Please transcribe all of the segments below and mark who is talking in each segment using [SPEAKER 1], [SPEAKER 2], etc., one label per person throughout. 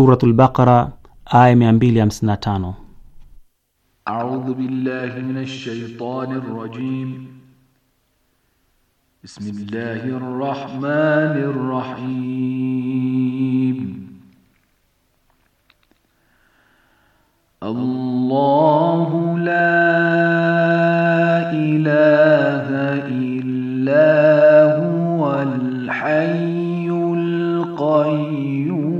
[SPEAKER 1] Suratul Baqara aya 255.
[SPEAKER 2] A'udhu billahi minash shaitanir rajim. Bismillahir rahmanir rahim. الله لا إله إلا هو الحي القيوم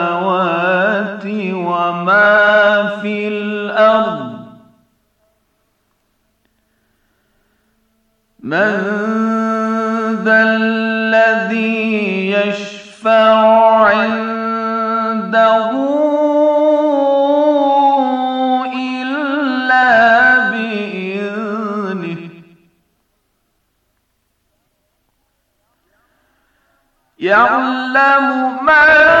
[SPEAKER 2] في الأرض من ذا الذي يشفع عنده إلا بإذنه يعلم ما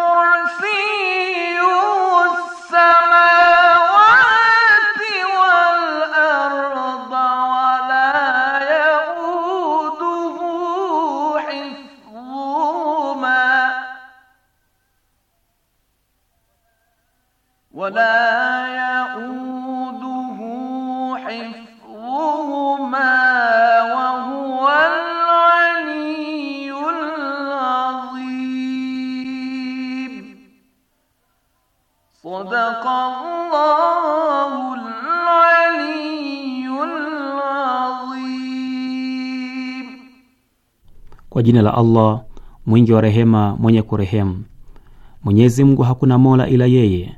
[SPEAKER 2] wala yauduhu hifdhuhuma wa huwa al-aliyyul azim. Sadaqallahu al-aliyyul azim.
[SPEAKER 1] Kwa jina la Allah mwingi wa rehema mwenye kurehemu. Mwenyezi Mungu hakuna mola ila yeye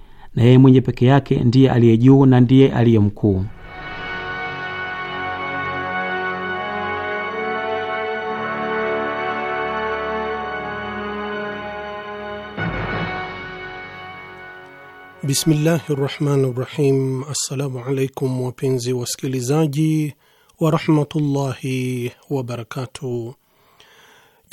[SPEAKER 1] na yeye mwenye peke yake ndiye aliye juu na ndiye aliye mkuu.
[SPEAKER 3] Bismillahi rahmani rahim. Assalamu alaikum wapenzi wasikilizaji warahmatullahi wabarakatuh.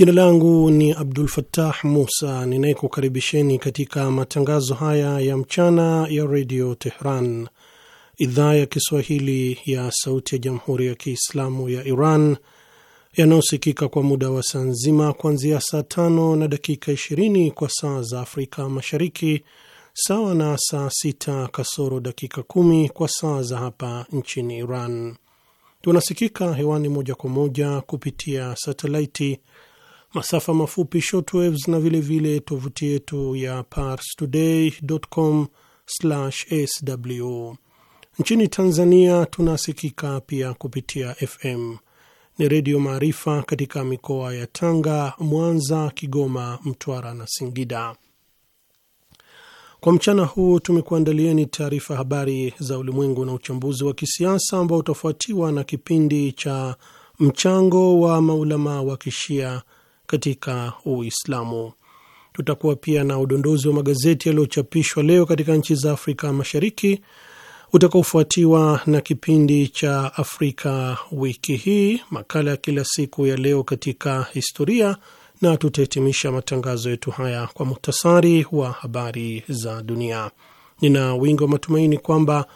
[SPEAKER 3] Jina langu ni Abdul Fattah Musa ninayekukaribisheni katika matangazo haya ya mchana ya redio Tehran, idhaa ya Kiswahili ya sauti ya jamhuri ya Kiislamu ya Iran, yanayosikika kwa muda wa saa nzima kuanzia saa tano na dakika 20 kwa saa za Afrika Mashariki, sawa na saa sita kasoro dakika kumi kwa saa za hapa nchini Iran. Tunasikika hewani moja kwa moja kupitia satelaiti masafa mafupi shortwaves na vilevile tovuti yetu ya parstoday.com/sw. Nchini Tanzania tunasikika pia kupitia FM ni Redio Maarifa katika mikoa ya Tanga, Mwanza, Kigoma, Mtwara na Singida. Kwa mchana huu tumekuandalieni taarifa habari za ulimwengu na uchambuzi wa kisiasa ambao utafuatiwa na kipindi cha mchango wa maulamaa wa kishia katika Uislamu. Tutakuwa pia na udondozi wa magazeti yaliyochapishwa leo katika nchi za Afrika Mashariki utakaofuatiwa na kipindi cha Afrika wiki hii, makala ya kila siku ya leo katika historia, na tutahitimisha matangazo yetu haya kwa muhtasari wa habari za dunia. Nina wingi wa matumaini kwamba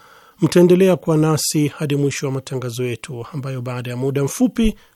[SPEAKER 3] mtaendelea kuwa nasi hadi mwisho wa matangazo yetu ambayo baada ya muda mfupi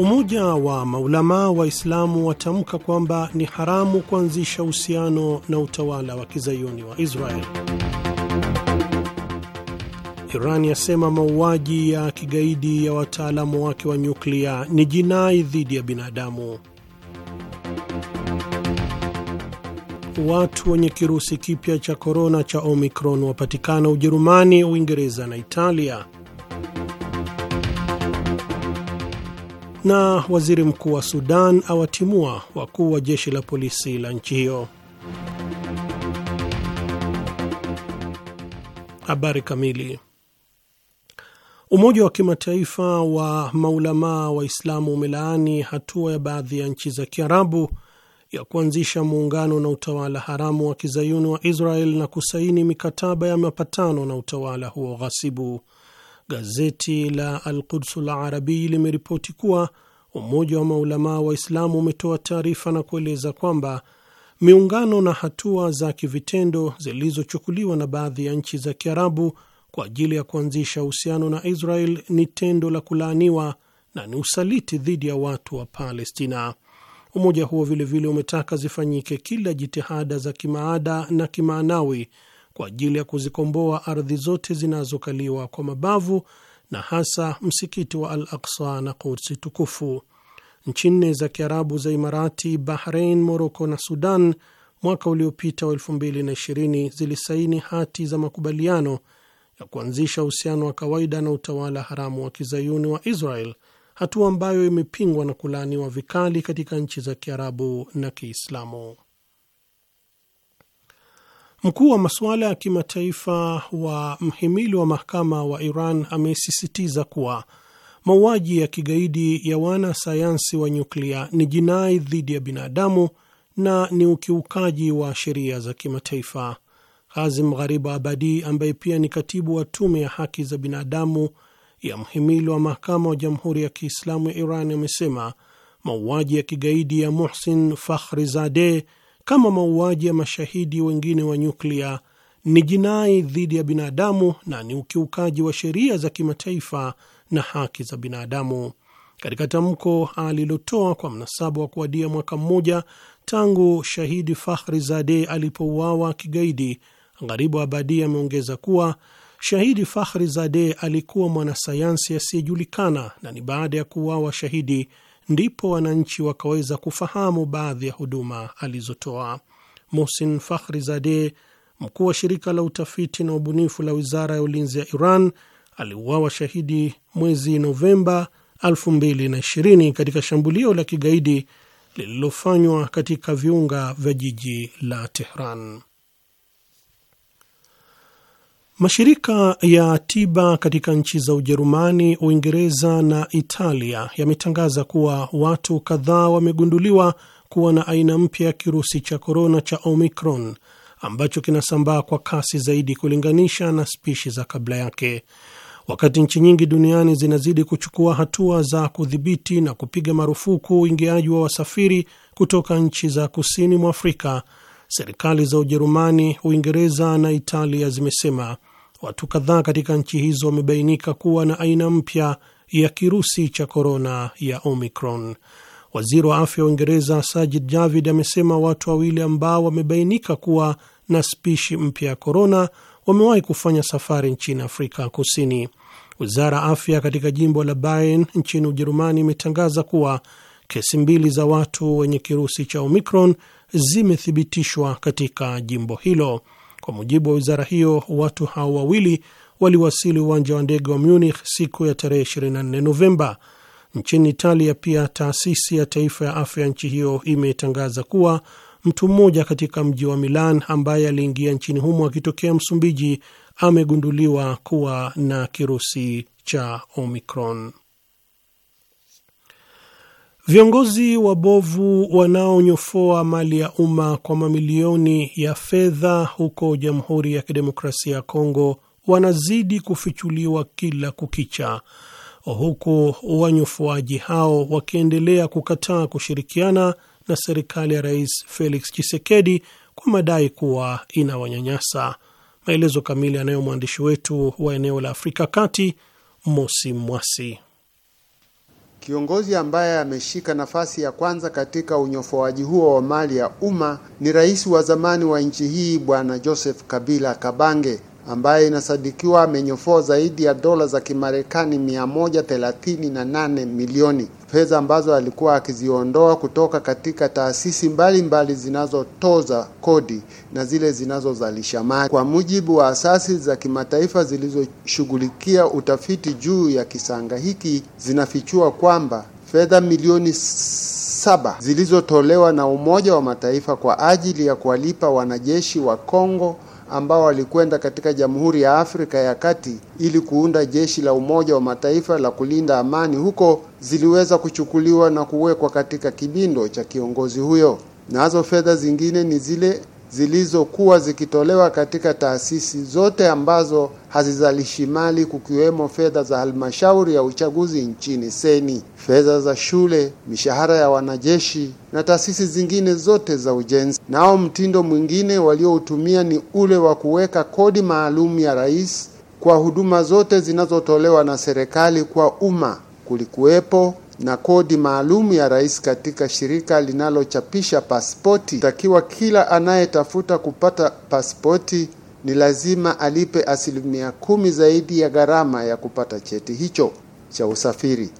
[SPEAKER 3] Umoja wa maulamaa Waislamu watamka kwamba ni haramu kuanzisha uhusiano na utawala wa kizayuni wa Israel. Iran yasema mauaji ya kigaidi ya wataalamu wake wa nyuklia ni jinai dhidi ya binadamu. Watu wenye kirusi kipya cha korona cha Omicron wapatikana Ujerumani, Uingereza na Italia. na waziri mkuu wa Sudan awatimua wakuu wa jeshi la polisi la nchi hiyo. Habari kamili. Umoja wa Kimataifa wa Maulamaa Waislamu umelaani hatua ya baadhi ya nchi za Kiarabu ya kuanzisha muungano na utawala haramu wa kizayuni wa Israel na kusaini mikataba ya mapatano na utawala huo ghasibu gazeti la Alqudsul Arabii limeripoti kuwa Umoja wa Maulamaa Waislamu umetoa taarifa na kueleza kwamba miungano na hatua za kivitendo zilizochukuliwa na baadhi ya nchi za Kiarabu kwa ajili ya kuanzisha uhusiano na Israel ni tendo la kulaaniwa na ni usaliti dhidi ya watu wa Palestina. Umoja huo vilevile vile umetaka zifanyike kila jitihada za kimaada na kimaanawi kwa ajili ya kuzikomboa ardhi zote zinazokaliwa kwa mabavu na hasa msikiti wa Al Aksa na Kursi tukufu. Nchi nne za Kiarabu za Imarati, Bahrein, Moroko na Sudan mwaka uliopita wa 2020 zilisaini hati za makubaliano ya kuanzisha uhusiano wa kawaida na utawala haramu wa kizayuni wa Israel, hatua ambayo imepingwa na kulaaniwa vikali katika nchi za Kiarabu na Kiislamu. Mkuu wa masuala ya kimataifa wa mhimili wa mahakama wa Iran amesisitiza kuwa mauaji ya kigaidi ya wanasayansi wa nyuklia ni jinai dhidi ya binadamu na ni ukiukaji wa sheria za kimataifa. Hazim Gharib Abadi, ambaye pia ni katibu wa tume ya haki za binadamu ya mhimili wa mahakama wa Jamhuri ya Kiislamu ya Iran, amesema mauaji ya kigaidi ya Muhsin Fakhrizadeh kama mauaji ya mashahidi wengine wa nyuklia ni jinai dhidi ya binadamu na ni ukiukaji wa sheria za kimataifa na haki za binadamu. Katika tamko alilotoa kwa mnasaba wa kuadia mwaka mmoja tangu shahidi Fakhri Zade alipouawa kigaidi, Gharibu Abadi ameongeza kuwa shahidi Fakhri Zade alikuwa mwanasayansi asiyejulikana na ni baada ya kuuawa shahidi ndipo wananchi wakaweza kufahamu baadhi ya huduma alizotoa. Mohsin zade mkuu wa shirika la utafiti na ubunifu la wizara ya ulinzi ya Iran, aliuawa shahidi mwezi Novemba 2020 katika shambulio la kigaidi lililofanywa katika viunga vya jiji la Tehran. Mashirika ya tiba katika nchi za Ujerumani, Uingereza na Italia yametangaza kuwa watu kadhaa wamegunduliwa kuwa na aina mpya ya kirusi cha korona cha Omicron ambacho kinasambaa kwa kasi zaidi kulinganisha na spishi za kabla yake. Wakati nchi nyingi duniani zinazidi kuchukua hatua za kudhibiti na kupiga marufuku uingiaji wa wasafiri kutoka nchi za kusini mwa Afrika, serikali za Ujerumani, Uingereza na Italia zimesema watu kadhaa katika nchi hizo wamebainika kuwa na aina mpya ya kirusi cha korona ya Omicron. Waziri wa afya wa Uingereza Sajid Javid amesema watu wawili ambao wamebainika kuwa na spishi mpya ya korona wamewahi kufanya safari nchini Afrika Kusini. Wizara ya afya katika jimbo la Bayern nchini Ujerumani imetangaza kuwa kesi mbili za watu wenye kirusi cha Omicron zimethibitishwa katika jimbo hilo. Kwa mujibu wa wizara hiyo, watu hao wawili waliwasili uwanja wa ndege wa Munich siku ya tarehe 24 Novemba. Nchini Italia pia, taasisi ya taifa ya afya ya nchi hiyo imetangaza kuwa mtu mmoja katika mji wa Milan ambaye aliingia nchini humo akitokea Msumbiji amegunduliwa kuwa na kirusi cha Omicron. Viongozi wabovu wanaonyofoa mali ya umma kwa mamilioni ya fedha huko Jamhuri ya Kidemokrasia ya Kongo wanazidi kufichuliwa kila kukicha, huku wanyofoaji hao wakiendelea kukataa kushirikiana na serikali ya Rais Felix Tshisekedi kwa madai kuwa inawanyanyasa. Maelezo kamili anayo mwandishi wetu wa eneo la Afrika Kati, Mosi Mwasi.
[SPEAKER 4] Kiongozi ambaye ameshika nafasi ya kwanza katika unyofoaji huo wa mali ya umma ni rais wa zamani wa nchi hii Bwana Joseph Kabila Kabange ambaye inasadikiwa amenyofoa zaidi ya dola za Kimarekani 138 milioni, fedha ambazo alikuwa akiziondoa kutoka katika taasisi mbalimbali zinazotoza kodi na zile zinazozalisha mali. Kwa mujibu wa asasi za kimataifa zilizoshughulikia utafiti juu ya kisanga hiki, zinafichua kwamba fedha milioni saba zilizotolewa na Umoja wa Mataifa kwa ajili ya kuwalipa wanajeshi wa Kongo ambao walikwenda katika Jamhuri ya Afrika ya Kati ili kuunda jeshi la Umoja wa Mataifa la kulinda amani huko ziliweza kuchukuliwa na kuwekwa katika kibindo cha kiongozi huyo. Nazo fedha zingine ni zile zilizokuwa zikitolewa katika taasisi zote ambazo hazizalishi mali kukiwemo fedha za halmashauri ya uchaguzi nchini seni, fedha za shule, mishahara ya wanajeshi na taasisi zingine zote za ujenzi. Nao mtindo mwingine walioutumia ni ule wa kuweka kodi maalum ya rais kwa huduma zote zinazotolewa na serikali kwa umma. Kulikuwepo na kodi maalum ya rais katika shirika linalochapisha pasipoti. Takiwa kila anayetafuta kupata pasipoti ni lazima alipe asilimia kumi zaidi ya gharama ya kupata cheti hicho cha usafiri.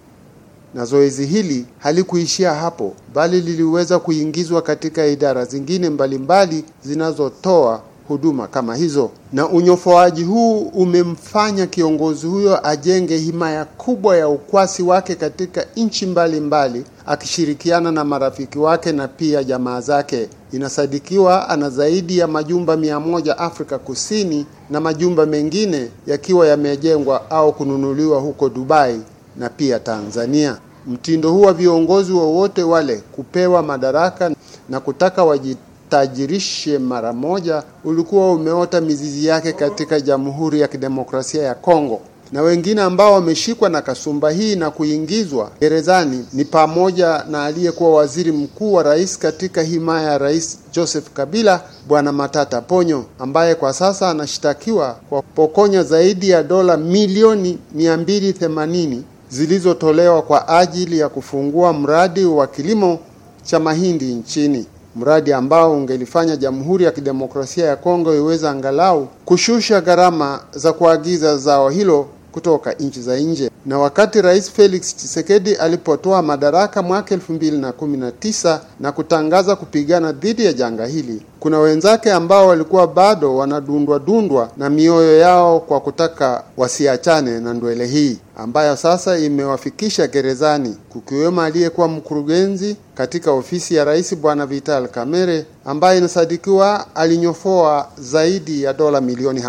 [SPEAKER 4] Na zoezi hili halikuishia hapo, bali liliweza kuingizwa katika idara zingine mbalimbali zinazotoa huduma kama hizo, na unyofoaji huu umemfanya kiongozi huyo ajenge himaya kubwa ya ukwasi wake katika nchi mbalimbali, akishirikiana na marafiki wake na pia jamaa zake. Inasadikiwa ana zaidi ya majumba mia moja Afrika Kusini, na majumba mengine yakiwa yamejengwa au kununuliwa huko Dubai na pia Tanzania. Mtindo huu wa viongozi wowote wa wale kupewa madaraka na kutaka waji tajirishe mara moja ulikuwa umeota mizizi yake katika Jamhuri ya Kidemokrasia ya Kongo na wengine ambao wameshikwa na kasumba hii na kuingizwa gerezani ni pamoja na aliyekuwa waziri mkuu wa rais katika himaya ya rais Joseph Kabila, Bwana Matata Ponyo, ambaye kwa sasa anashtakiwa kwa pokonya zaidi ya dola milioni 280 zilizotolewa kwa ajili ya kufungua mradi wa kilimo cha mahindi nchini mradi ambao ungelifanya Jamhuri ya Kidemokrasia ya Kongo iweze angalau kushusha gharama za kuagiza zao hilo kutoka nchi za nje. Na wakati Rais Felix Tshisekedi alipotoa madaraka mwaka 2019 na, na kutangaza kupigana dhidi ya janga hili, kuna wenzake ambao walikuwa bado wanadundwa dundwa na mioyo yao kwa kutaka wasiachane na ndwele hii ambayo sasa imewafikisha gerezani, kukiwemo aliyekuwa mkurugenzi katika ofisi ya rais Bwana Vital Kamerhe ambaye inasadikiwa alinyofoa zaidi ya dola milioni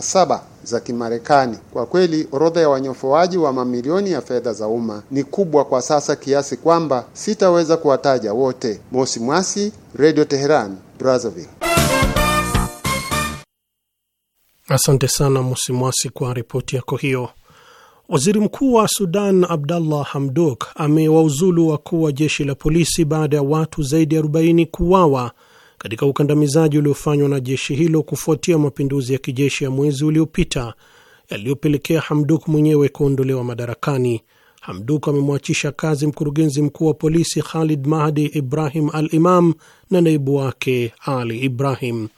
[SPEAKER 4] saba za Kimarekani. Kwa kweli, orodha ya wanyofoaji wa mamilioni ya fedha za umma ni kubwa kwa sasa kiasi kwamba sitaweza kuwataja wote. Mosi Mwasi, Radio Teheran, Brazzaville.
[SPEAKER 3] Asante sana Mosi Mwasi kwa ripoti yako hiyo. Waziri Mkuu wa Sudan Abdallah Hamdok amewauzulu wakuu wa jeshi la polisi baada ya watu zaidi ya 40 kuuawa katika ukandamizaji uliofanywa na jeshi hilo kufuatia mapinduzi ya kijeshi ya mwezi uliopita yaliyopelekea Hamduk mwenyewe kuondolewa madarakani. Hamduk amemwachisha kazi mkurugenzi mkuu wa polisi Khalid Mahdi Ibrahim Al Imam na naibu wake Ali Ibrahim.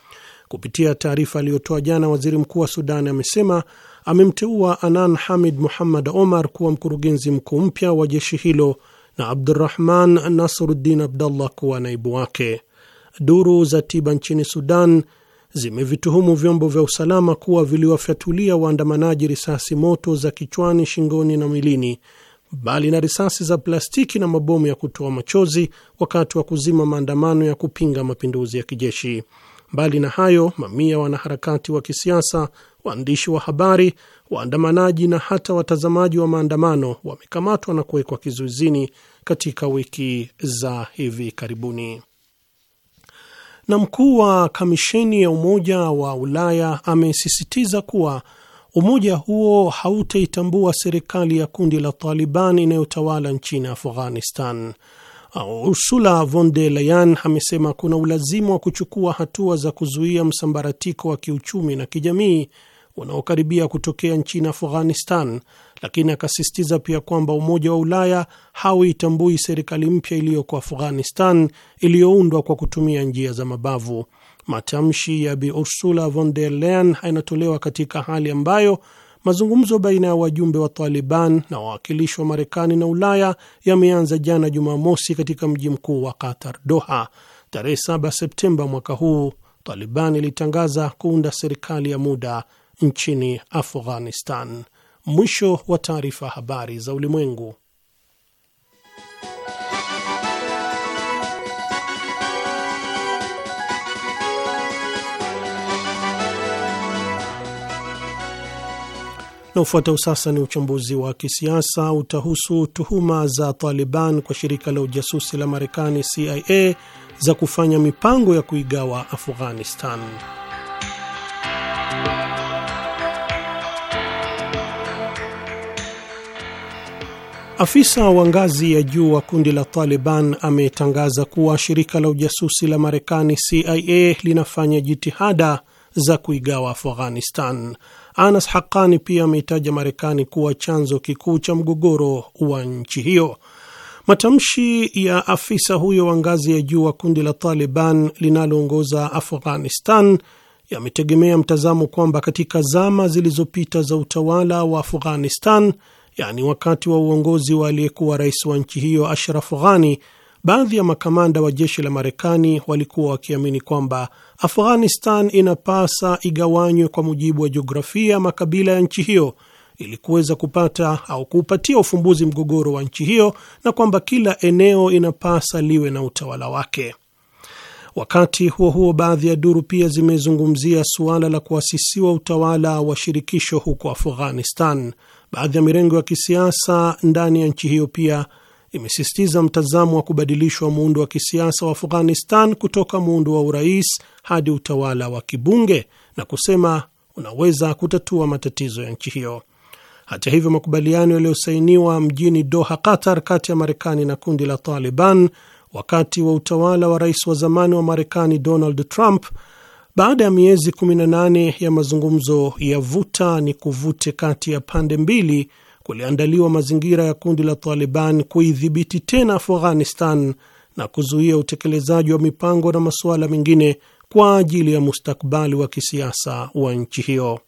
[SPEAKER 3] Kupitia taarifa aliyotoa jana, waziri mkuu wa Sudani amesema amemteua Anan Hamid Muhammad Omar kuwa mkurugenzi mkuu mpya wa jeshi hilo na Abdurahman Nasruddin Abdallah kuwa naibu wake duru za tiba nchini Sudan zimevituhumu vyombo vya usalama kuwa viliwafyatulia waandamanaji risasi moto za kichwani, shingoni na mwilini, mbali na risasi za plastiki na mabomu ya kutoa machozi wakati wa kuzima maandamano ya kupinga mapinduzi ya kijeshi. Mbali na hayo, mamia wanaharakati wa kisiasa, waandishi wa habari, waandamanaji na hata watazamaji wa maandamano wamekamatwa na kuwekwa kizuizini katika wiki za hivi karibuni na mkuu wa kamisheni ya Umoja wa Ulaya amesisitiza kuwa umoja huo hautaitambua serikali ya kundi la Taliban inayotawala nchini Afghanistan. Ursula von der Leyen amesema kuna ulazima wa kuchukua hatua za kuzuia msambaratiko wa kiuchumi na kijamii unaokaribia kutokea nchini Afghanistan lakini akasisitiza pia kwamba Umoja wa Ulaya hauitambui serikali mpya iliyoko Afghanistan iliyoundwa kwa kutumia njia za mabavu. Matamshi ya Bi Ursula von der Leyen yanatolewa katika hali ambayo mazungumzo baina ya wajumbe wa Taliban na wawakilishi wa Marekani na Ulaya yameanza jana Jumamosi katika mji mkuu wa Qatar, Doha. Tarehe 7 Septemba mwaka huu Taliban ilitangaza kuunda serikali ya muda nchini Afghanistan. Mwisho wa taarifa. Habari za Ulimwengu. Na ufuatao sasa ni uchambuzi wa kisiasa utahusu tuhuma za Taliban kwa shirika la ujasusi la Marekani CIA za kufanya mipango ya kuigawa Afghanistan. Afisa wa ngazi ya juu wa kundi la Taliban ametangaza kuwa shirika la ujasusi la Marekani CIA linafanya jitihada za kuigawa Afghanistan. Anas Hakani pia ameitaja Marekani kuwa chanzo kikuu cha mgogoro wa nchi hiyo. Matamshi ya afisa huyo wa ngazi ya juu wa kundi la Taliban linaloongoza Afghanistan yametegemea mtazamo kwamba katika zama zilizopita za utawala wa Afghanistan yaani wakati wa uongozi wa aliyekuwa rais wa nchi hiyo Ashraf Ghani, baadhi ya makamanda wa jeshi la Marekani walikuwa wakiamini kwamba Afghanistan inapasa igawanywe kwa mujibu wa jiografia makabila ya nchi hiyo ili kuweza kupata au kuupatia ufumbuzi mgogoro wa nchi hiyo na kwamba kila eneo inapasa liwe na utawala wake. Wakati huo huo, baadhi ya duru pia zimezungumzia suala la kuasisiwa utawala wa shirikisho huko Afghanistan. Baadhi ya mirengo ya kisiasa ndani ya nchi hiyo pia imesisitiza mtazamo wa kubadilishwa muundo wa kisiasa wa Afghanistan kutoka muundo wa urais hadi utawala wa kibunge na kusema unaweza kutatua matatizo ya nchi hiyo. Hata hivyo, makubaliano yaliyosainiwa mjini Doha, Qatar, kati ya Marekani na kundi la Taliban wakati wa utawala wa rais wa zamani wa Marekani Donald Trump baada ya miezi 18 ya mazungumzo ya vuta ni kuvute kati ya pande mbili, kuliandaliwa mazingira ya kundi la Taliban kuidhibiti tena Afghanistan na kuzuia utekelezaji wa mipango na masuala mengine kwa ajili ya mustakbali wa kisiasa wa nchi hiyo.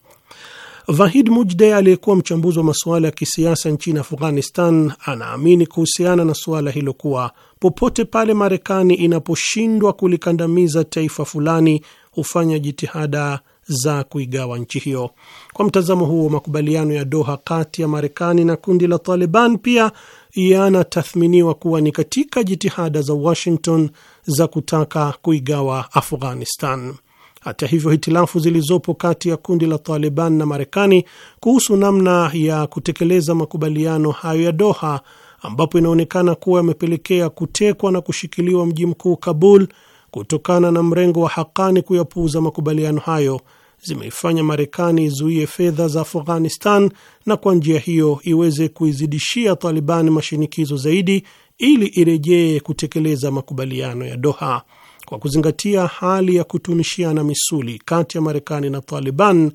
[SPEAKER 3] Vahid Mujde aliyekuwa mchambuzi wa masuala ya kisiasa nchini Afghanistan anaamini kuhusiana na suala hilo kuwa popote pale Marekani inaposhindwa kulikandamiza taifa fulani hufanya jitihada za kuigawa nchi hiyo. Kwa mtazamo huo, makubaliano ya Doha kati ya Marekani na kundi la Taliban pia yanatathminiwa kuwa ni katika jitihada za Washington za kutaka kuigawa Afghanistan. Hata hivyo, hitilafu zilizopo kati ya kundi la Taliban na Marekani kuhusu namna ya kutekeleza makubaliano hayo ya Doha, ambapo inaonekana kuwa yamepelekea kutekwa na kushikiliwa mji mkuu Kabul kutokana na mrengo wa Hakani kuyapuuza makubaliano hayo zimeifanya Marekani izuie fedha za Afghanistan na kwa njia hiyo iweze kuizidishia Taliban mashinikizo zaidi ili irejee kutekeleza makubaliano ya Doha. Kwa kuzingatia hali ya kutunishiana misuli kati ya Marekani na Taliban,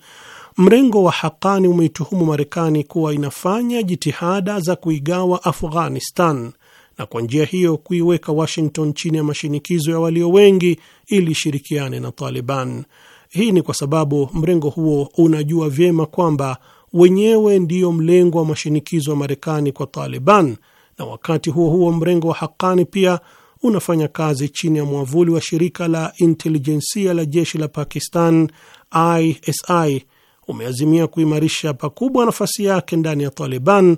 [SPEAKER 3] mrengo wa Hakani umeituhumu Marekani kuwa inafanya jitihada za kuigawa Afghanistan na kwa njia hiyo kuiweka Washington chini ya mashinikizo ya walio wengi ili ishirikiane na Taliban. Hii ni kwa sababu mrengo huo unajua vyema kwamba wenyewe ndiyo mlengo wa mashinikizo ya Marekani kwa Taliban, na wakati huo huo mrengo wa Haqqani pia unafanya kazi chini ya mwavuli wa shirika la intelijensia la jeshi la Pakistan ISI umeazimia kuimarisha pakubwa nafasi yake ndani ya Taliban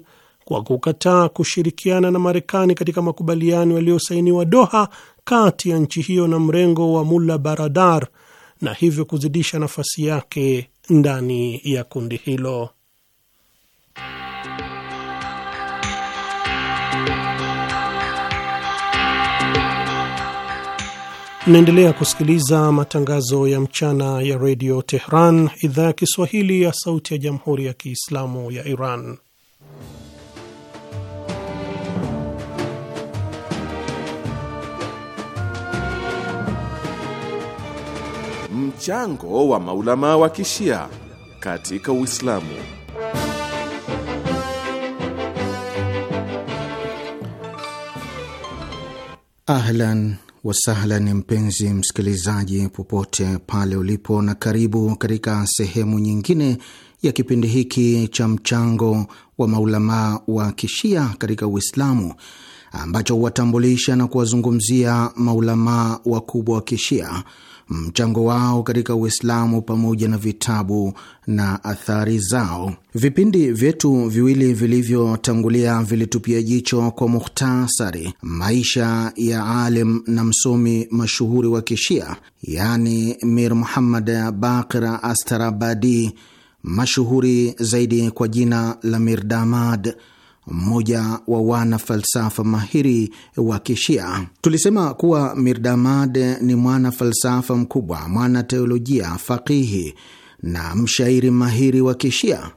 [SPEAKER 3] kwa kukataa kushirikiana na Marekani katika makubaliano yaliyosainiwa Doha kati ya nchi hiyo na mrengo wa Mula Baradar na hivyo kuzidisha nafasi yake ndani ya kundi hilo. Naendelea kusikiliza matangazo ya mchana ya redio Tehran, idhaa ya Kiswahili ya sauti ya jamhuri ya Kiislamu ya Iran.
[SPEAKER 4] Mchango wa maulama wa kishia katika Uislamu.
[SPEAKER 5] Ahlan ni mpenzi msikilizaji, popote pale ulipo, na karibu katika sehemu nyingine ya kipindi hiki cha mchango wa maulamaa wa kishia katika Uislamu ambacho huwatambulisha na kuwazungumzia maulamaa wakubwa wa Kishia, mchango wao katika Uislamu pamoja na vitabu na athari zao. Vipindi vyetu viwili vilivyotangulia vilitupia jicho kwa mukhtasari maisha ya alim na msomi mashuhuri wa Kishia, yani Mir Muhammad Baqir Astarabadi, mashuhuri zaidi kwa jina la Mirdamad mmoja wa wana falsafa mahiri wa Kishia. Tulisema kuwa Mirdamad ni mwana falsafa mkubwa, mwana teolojia, fakihi na mshairi mahiri wa Kishia.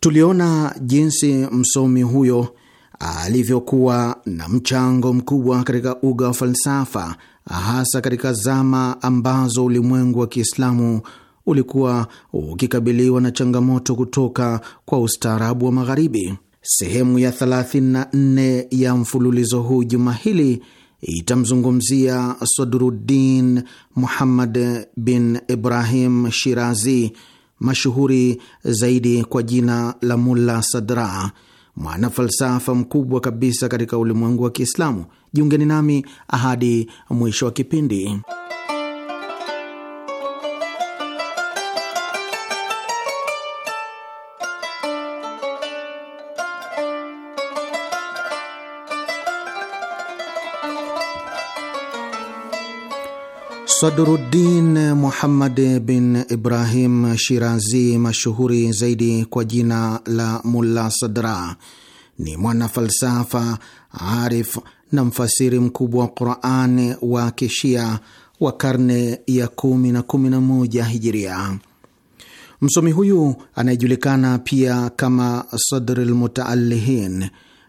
[SPEAKER 5] Tuliona jinsi msomi huyo alivyokuwa na mchango mkubwa katika uga wa falsafa, hasa katika zama ambazo ulimwengu wa Kiislamu ulikuwa ukikabiliwa na changamoto kutoka kwa ustaarabu wa Magharibi. Sehemu ya 34 ya mfululizo huu juma hili itamzungumzia Sadruddin Muhammad bin Ibrahim Shirazi, mashuhuri zaidi kwa jina la Mulla Sadra, mwanafalsafa mkubwa kabisa katika ulimwengu wa Kiislamu. Jiungeni nami ahadi mwisho wa kipindi. Sadruddin Muhammad bin Ibrahim Shirazi, mashuhuri zaidi kwa jina la Mulla Sadra, ni mwana falsafa arif na mfasiri mkubwa wa quran wa Kishia wa karne ya kumi na kumi na moja Hijiria. Msomi huyu anayejulikana pia kama Sadr lmutaalihin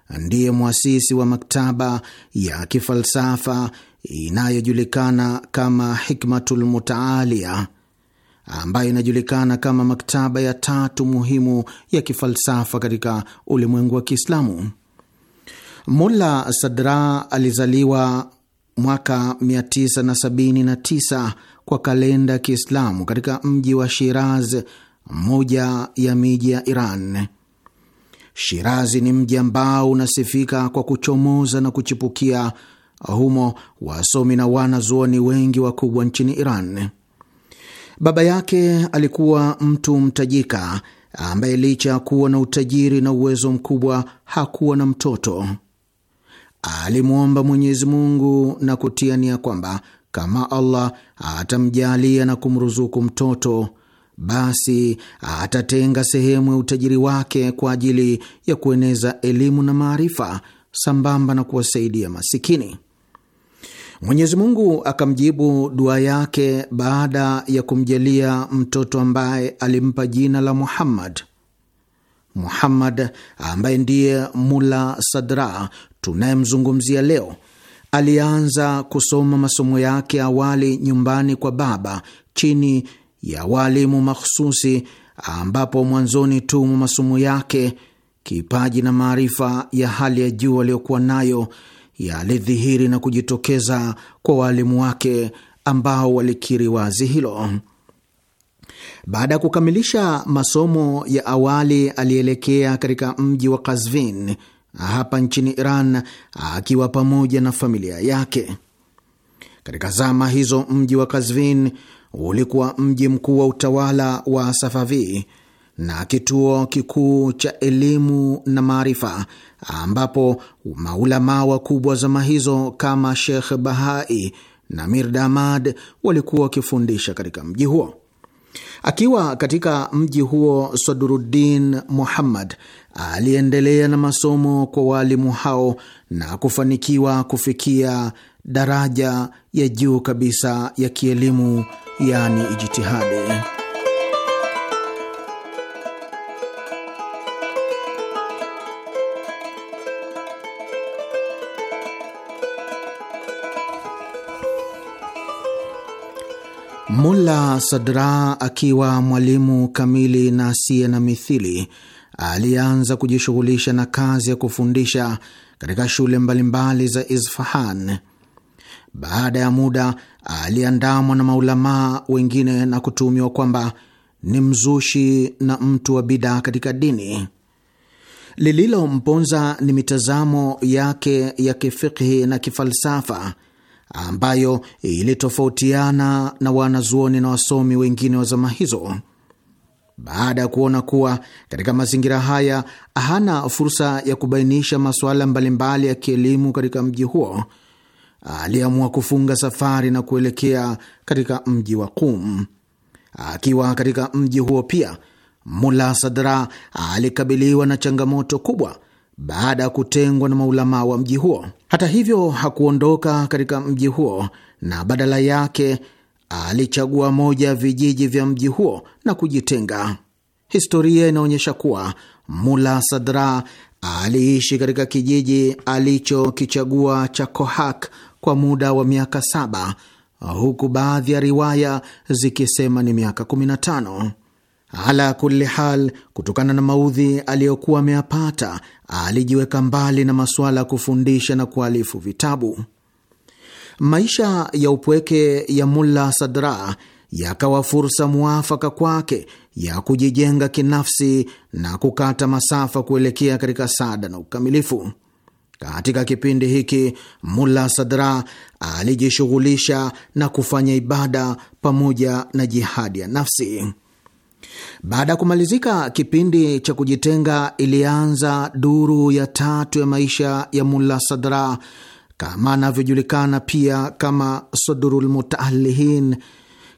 [SPEAKER 5] ndiye mwasisi wa maktaba ya kifalsafa inayojulikana kama Hikmatul Mutaalia, ambayo inajulikana kama maktaba ya tatu muhimu ya kifalsafa katika ulimwengu wa Kiislamu. Mulla Sadra alizaliwa mwaka 979 kwa kalenda ya Kiislamu katika mji wa Shiraz, moja ya miji ya Iran. Shirazi ni mji ambao unasifika kwa kuchomoza na kuchipukia humo wasomi na wanazuoni wengi wakubwa nchini Iran. Baba yake alikuwa mtu mtajika ambaye licha ya kuwa na utajiri na uwezo mkubwa hakuwa na mtoto. Alimwomba Mwenyezi Mungu na kutia nia kwamba kama Allah atamjalia na kumruzuku mtoto, basi atatenga sehemu ya utajiri wake kwa ajili ya kueneza elimu na maarifa sambamba na kuwasaidia masikini. Mwenyezi Mungu akamjibu dua yake baada ya kumjalia mtoto ambaye alimpa jina la Muhammad. Muhammad ambaye ndiye Mula Sadra tunayemzungumzia leo alianza kusoma masomo yake awali nyumbani kwa baba chini ya waalimu makhususi, ambapo mwanzoni tu mwa masomo yake kipaji na maarifa ya hali ya juu aliyokuwa nayo yalidhihiri na kujitokeza kwa waalimu wake ambao walikiri wazi hilo. Baada ya kukamilisha masomo ya awali, alielekea katika mji wa Kazvin hapa nchini Iran akiwa pamoja na familia yake. Katika zama hizo, mji wa Kazvin ulikuwa mji mkuu wa utawala wa Safavi na kituo kikuu cha elimu na maarifa ambapo maulamaa wakubwa zama hizo kama Shekh Bahai na Mirdamad walikuwa wakifundisha katika mji huo. Akiwa katika mji huo, Saduruddin Muhammad aliendelea na masomo kwa waalimu hao na kufanikiwa kufikia daraja ya juu kabisa ya kielimu, yaani ijtihadi. Mulla Sadra akiwa mwalimu kamili na asiye na mithili, alianza kujishughulisha na kazi ya kufundisha katika shule mbalimbali za Isfahan. Baada ya muda, aliandamwa na maulamaa wengine na kutuhumiwa kwamba ni mzushi na mtu wa bidaa katika dini. Lililomponza ni mitazamo yake ya kifikhi na kifalsafa ambayo ilitofautiana na wanazuoni na wasomi wengine wa zama hizo. Baada ya kuona kuwa katika mazingira haya hana fursa ya kubainisha masuala mbalimbali ya kielimu katika mji huo, aliamua kufunga safari na kuelekea katika mji wa Qum. Akiwa katika mji huo pia, Mula Sadra alikabiliwa na changamoto kubwa baada ya kutengwa na maulamaa wa mji huo. Hata hivyo, hakuondoka katika mji huo na badala yake alichagua moja ya vijiji vya mji huo na kujitenga. Historia inaonyesha kuwa Mula Sadra aliishi katika kijiji alichokichagua cha Kohak kwa muda wa miaka saba huku baadhi ya riwaya zikisema ni miaka 15. Ala kulli hal, kutokana na maudhi aliyokuwa ameyapata, alijiweka mbali na masuala ya kufundisha na kualifu vitabu. Maisha ya upweke ya Mulla Sadra yakawa fursa mwafaka kwake ya kujijenga kinafsi na kukata masafa kuelekea katika sada na ukamilifu. Katika kipindi hiki Mulla Sadra alijishughulisha na kufanya ibada pamoja na jihadi ya nafsi. Baada ya kumalizika kipindi cha kujitenga, ilianza duru ya tatu ya maisha ya Mulla Sadra kama anavyojulikana pia kama Sudurul Mutaalihin.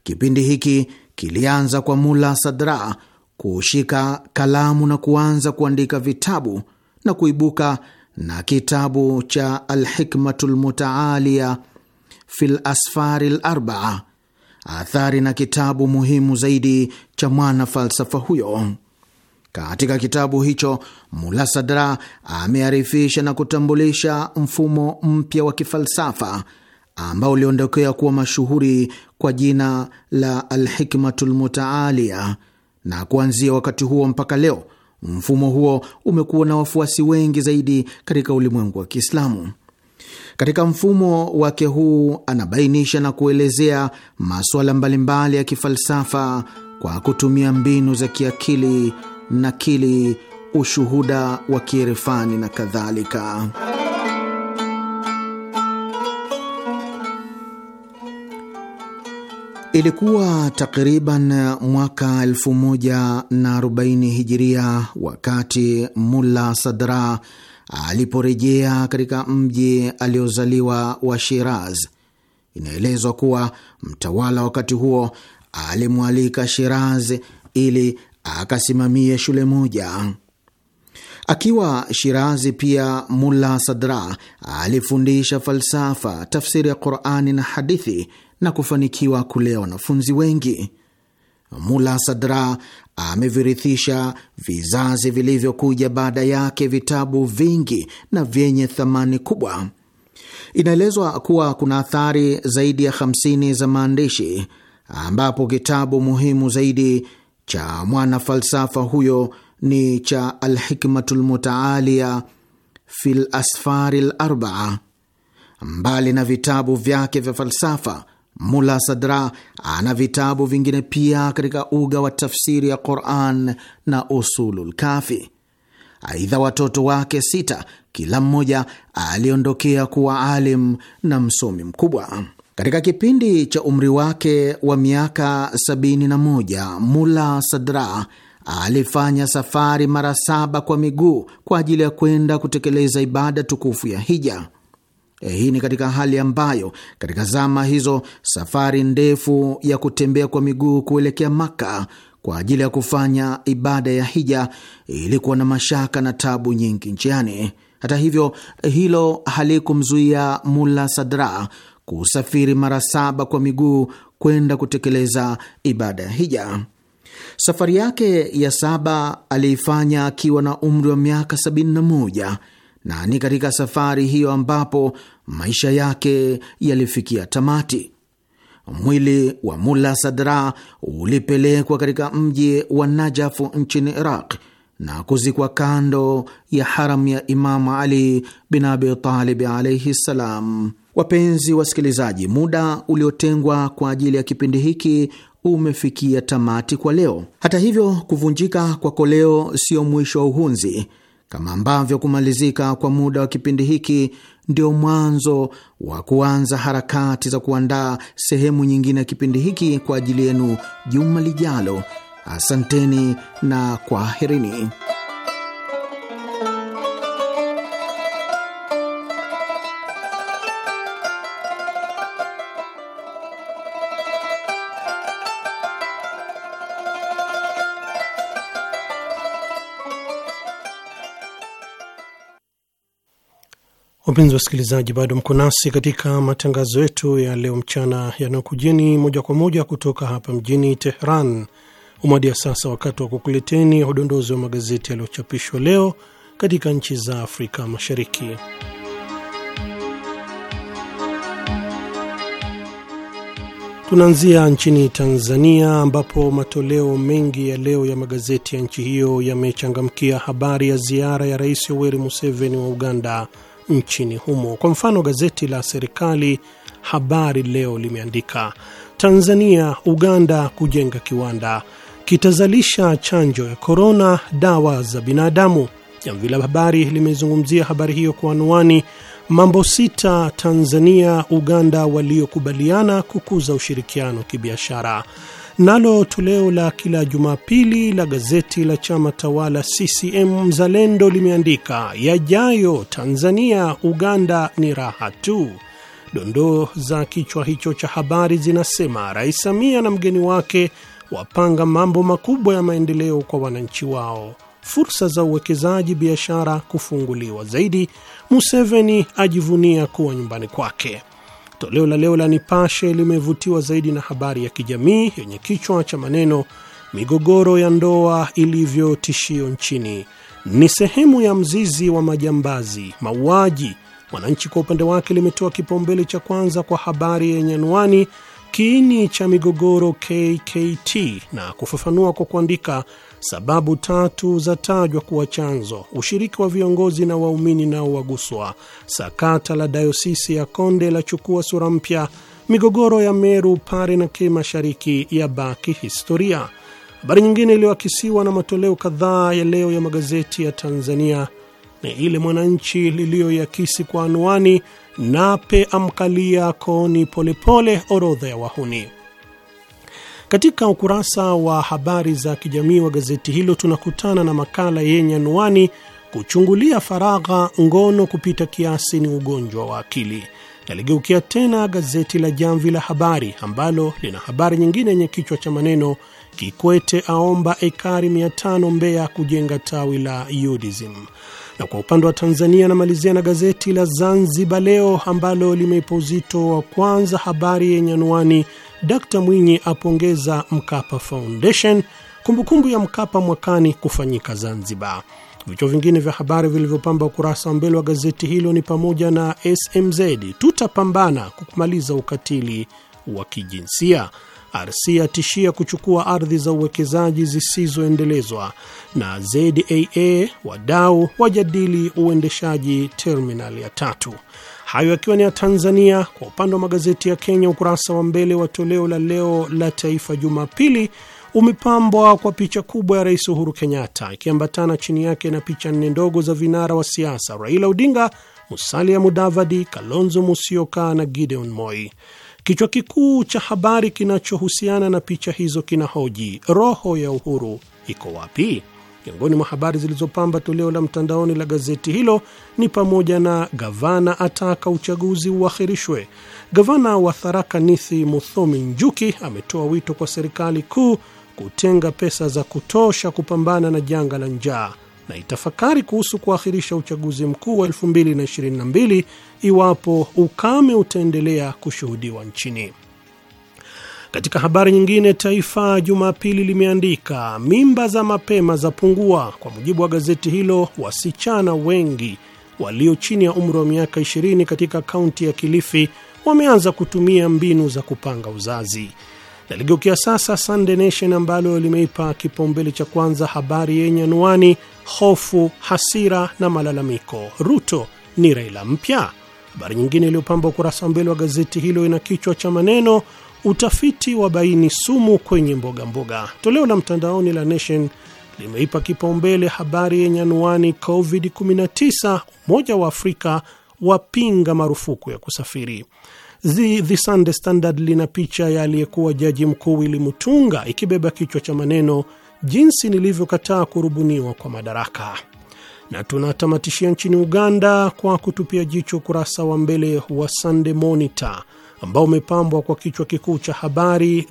[SPEAKER 5] Kipindi hiki kilianza kwa Mulla Sadra kushika kalamu na kuanza kuandika vitabu na kuibuka na kitabu cha Alhikmatu lmutaalia fi lasfari larbaa, athari na kitabu muhimu zaidi cha mwana falsafa huyo. Katika kitabu hicho Mulasadra amearifisha na kutambulisha mfumo mpya wa kifalsafa ambao uliondokea kuwa mashuhuri kwa jina la Alhikmatu lmutaalia, na kuanzia wakati huo mpaka leo mfumo huo umekuwa na wafuasi wengi zaidi katika ulimwengu wa Kiislamu. Katika mfumo wake huu anabainisha na kuelezea masuala mbalimbali ya kifalsafa kwa kutumia mbinu za kiakili, nakili, ushuhuda wa kierefani na kadhalika. Ilikuwa takriban mwaka 1040 hijiria wakati Mulla Sadra aliporejea katika mji aliozaliwa wa Shiraz. Inaelezwa kuwa mtawala wakati huo alimwalika Shirazi ili akasimamie shule moja. Akiwa Shirazi pia Mulla Sadra alifundisha falsafa, tafsiri ya Qurani na hadithi na kufanikiwa kulea wanafunzi wengi. Mula Sadra amevirithisha vizazi vilivyokuja baada yake vitabu vingi na vyenye thamani kubwa. Inaelezwa kuwa kuna athari zaidi ya 50 za maandishi ambapo kitabu muhimu zaidi cha mwana falsafa huyo ni cha Alhikmatu lmutaalia fi lasfari larbaa. Mbali na vitabu vyake vya falsafa, Mula Sadra ana vitabu vingine pia katika uga wa tafsiri ya Quran na Usulu Lkafi. Aidha, watoto wake sita, kila mmoja aliondokea kuwa alim na msomi mkubwa. Katika kipindi cha umri wake wa miaka 71 Mula Sadra alifanya safari mara saba kwa miguu kwa ajili ya kwenda kutekeleza ibada tukufu ya hija. Eh, hii ni katika hali ambayo katika zama hizo safari ndefu ya kutembea kwa miguu kuelekea Maka kwa ajili ya kufanya ibada ya hija ilikuwa na mashaka na tabu nyingi njiani. Hata hivyo, hilo halikumzuia Mula Sadra kusafiri mara saba kwa miguu kwenda kutekeleza ibada ya hija. Safari yake ya saba aliifanya akiwa na umri wa miaka 71 na ni katika safari hiyo ambapo maisha yake yalifikia tamati. Mwili wa Mula Sadra ulipelekwa katika mji wa Najafu nchini Iraq na kuzikwa kando ya haram ya Imamu Ali bin Abi Talib alaihi ssalam. Wapenzi wasikilizaji, muda uliotengwa kwa ajili ya kipindi hiki umefikia tamati kwa leo. Hata hivyo, kuvunjika kwa koleo sio mwisho wa uhunzi, kama ambavyo kumalizika kwa muda wa kipindi hiki ndio mwanzo wa kuanza harakati za kuandaa sehemu nyingine ya kipindi hiki kwa ajili yenu juma lijalo. Asanteni na kwaherini.
[SPEAKER 3] Wapenzi wasikilizaji, bado mko nasi katika matangazo yetu ya leo mchana yanayokujeni moja kwa moja kutoka hapa mjini Tehran. ya sasa wakati wa kukuleteni udondozi wa magazeti yaliyochapishwa leo katika nchi za Afrika Mashariki. Tunaanzia nchini Tanzania ambapo matoleo mengi ya leo ya magazeti ya nchi hiyo yamechangamkia habari ya ziara ya Rais Yoweri Museveni wa Uganda nchini humo. Kwa mfano, gazeti la serikali Habari Leo limeandika Tanzania, Uganda kujenga kiwanda kitazalisha chanjo ya korona, dawa za binadamu. Jamvi la Habari limezungumzia habari hiyo kwa anwani mambo sita Tanzania Uganda waliokubaliana kukuza ushirikiano kibiashara. Nalo toleo la kila Jumapili la gazeti la chama tawala CCM Mzalendo limeandika yajayo Tanzania Uganda ni raha tu. Dondoo za kichwa hicho cha habari zinasema Rais Samia na mgeni wake wapanga mambo makubwa ya maendeleo kwa wananchi wao, fursa za uwekezaji biashara kufunguliwa zaidi, Museveni ajivunia kuwa nyumbani kwake. Toleo la leo la Nipashe limevutiwa zaidi na habari ya kijamii yenye kichwa cha maneno migogoro ya ndoa ilivyo tishio nchini, ni sehemu ya mzizi wa majambazi, mauaji. Mwananchi kwa upande wake limetoa kipaumbele cha kwanza kwa habari yenye anwani kiini cha migogoro KKT na kufafanua kwa kuandika Sababu tatu zatajwa kuwa chanzo: ushiriki wa viongozi na waumini nao waguswa, sakata la dayosisi ya Konde la chukua sura mpya, migogoro ya Meru, Pare na kimashariki Mashariki ya baki historia. Habari nyingine iliyoakisiwa na matoleo kadhaa ya leo ya magazeti ya Tanzania ni ile Mwananchi liliyoiakisi kwa anwani, Nape amkalia koni polepole, orodha ya wahuni. Katika ukurasa wa habari za kijamii wa gazeti hilo tunakutana na makala yenye anwani kuchungulia faragha, ngono kupita kiasi ni ugonjwa wa akili. Naligeukia tena gazeti la Jamvi la Habari ambalo lina habari nyingine yenye kichwa cha maneno Kikwete aomba ekari 500 Mbeya kujenga tawi la UDSM. Na kwa upande wa Tanzania anamalizia na gazeti la Zanzibar Leo ambalo limeipa uzito wa kwanza habari yenye anwani Dkt Mwinyi apongeza Mkapa Foundation, kumbukumbu ya Mkapa mwakani kufanyika Zanzibar. Vichwa vingine vya habari vilivyopamba ukurasa wa mbele wa gazeti hilo ni pamoja na SMZ tutapambana kumaliza ukatili wa kijinsia, RC atishia kuchukua ardhi za uwekezaji zisizoendelezwa, na ZAA wadau wajadili uendeshaji terminal ya tatu. Hayo yakiwa ni ya Tanzania. Kwa upande wa magazeti ya Kenya, ukurasa wa mbele wa toleo la leo la Taifa Jumapili umepambwa kwa picha kubwa ya Rais Uhuru Kenyatta ikiambatana chini yake na picha nne ndogo za vinara wa siasa: Raila Odinga, Musalia Mudavadi, Kalonzo Musyoka na Gideon Moi. Kichwa kikuu cha habari kinachohusiana na picha hizo kinahoji roho ya uhuru iko wapi? Miongoni mwa habari zilizopamba toleo la mtandaoni la gazeti hilo ni pamoja na gavana ataka uchaguzi uahirishwe. Gavana wa Tharaka Nithi Muthomi Njuki ametoa wito kwa serikali kuu kutenga pesa za kutosha kupambana na janga la njaa na itafakari kuhusu kuahirisha uchaguzi mkuu wa 2022 iwapo ukame utaendelea kushuhudiwa nchini. Katika habari nyingine, Taifa Jumapili limeandika mimba za mapema za pungua Kwa mujibu wa gazeti hilo, wasichana wengi walio chini ya umri wa miaka 20 katika kaunti ya Kilifi wameanza kutumia mbinu za kupanga uzazi. Naligeukia sasa Sunday Nation ambalo limeipa kipaumbele cha kwanza habari yenye anwani hofu, hasira na malalamiko, Ruto ni Raila mpya. Habari nyingine iliyopamba ukurasa wa mbele wa gazeti hilo ina kichwa cha maneno utafiti wa baini sumu kwenye mbogamboga mboga. Toleo la mtandaoni la Nation limeipa kipaumbele habari yenye anuani COVID-19, Umoja wa Afrika wapinga marufuku ya kusafiri. The, The Sunday Standard lina picha ya aliyekuwa jaji mkuu Willy Mutunga ikibeba kichwa cha maneno jinsi nilivyokataa kurubuniwa kwa madaraka. Na tunatamatishia nchini Uganda kwa kutupia jicho ukurasa wa mbele wa Sunday Monitor ambao umepambwa kwa kichwa kikuu cha habari